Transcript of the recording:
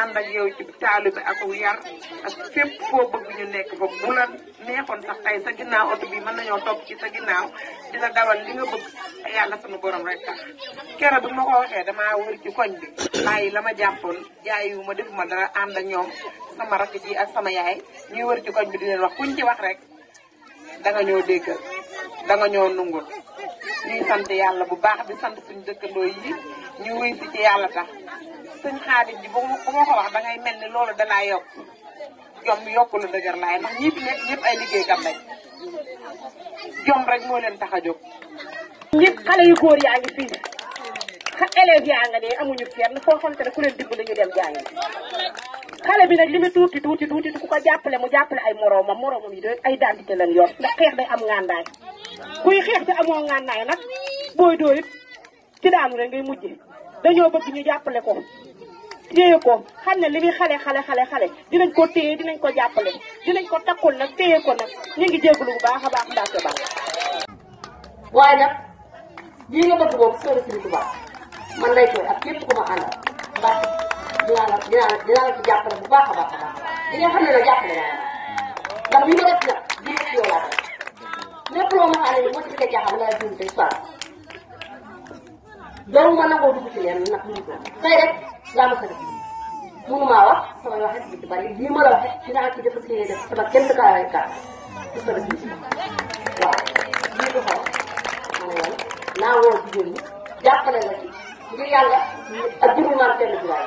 ànd ak yow ci taalibe ak yar ak fépp foo ñu nekk ba bu la neexoon sax oto bi mën nañoo topp ci sa ginnaaw di la dawal yàlla sama borom rek tax kero ci koñ bi la ma jàppoon jaayu ma defuma dara ànd ak ñoom sama rakk yi ak sama yaay ñuy wër ci koñ bi di leen wax kuñ ci wax rek danga ñoo déggal danga ñoo nungul ñuy sant yàlla bu baax di sant suñu dëkkandoo yi ñu wuy si ci yàlla tax suñ xaalis ji bu ma wax da ngay mel ni loolu danaa yokk jom yokku lu dëgër laay ndax ñi fi nekk ñëpp ay liggéeykat lañ jom rek moo leen tax a jóg. ñëpp xale yu góor yaa ngi fii xa élèves yaa nga ne amuñu kenn foo xamante ne ku leen dimbali ñu dem jàngi xale bi mu tuuti tuuti tuuti ko jàppale mu jàppale ay moroomam moroomam yi doon ay dentité lañ yor ndax xeex day am ngàndaay kuy xeex te amoo ngàndaay nag booy dóor it ci daanu rek ngay mujje dañoo bëgg ñu jàppale ko téye ko xam ne li muy xale xale xale xale dinañ ko téye dinañ ko jàppale dinañ ko takkul nag téye ko nag ñu ngi jégalu bu baax a baax Mbacke Ba. waaye nag lii nga bëgg boobu sori si Tuubaa man lay koy ak képp ku ma àndal Mbacke dinaa la dinaa la dinaa la ci jàppale bu baax a baax a baax jarul ma nangoo dugg ci leen nag mu dugg tey rek laa ma ko def mënumaa wax samay wax rek di bari lii ma la waxee dinaa ci def ci def sama kenn kaay kaay gis nga def ci waaw lii ko xool ma ne woon naa woo jigéen ñi jàppale la ci ngir yàlla ak juróom-ñaar kenn bi laay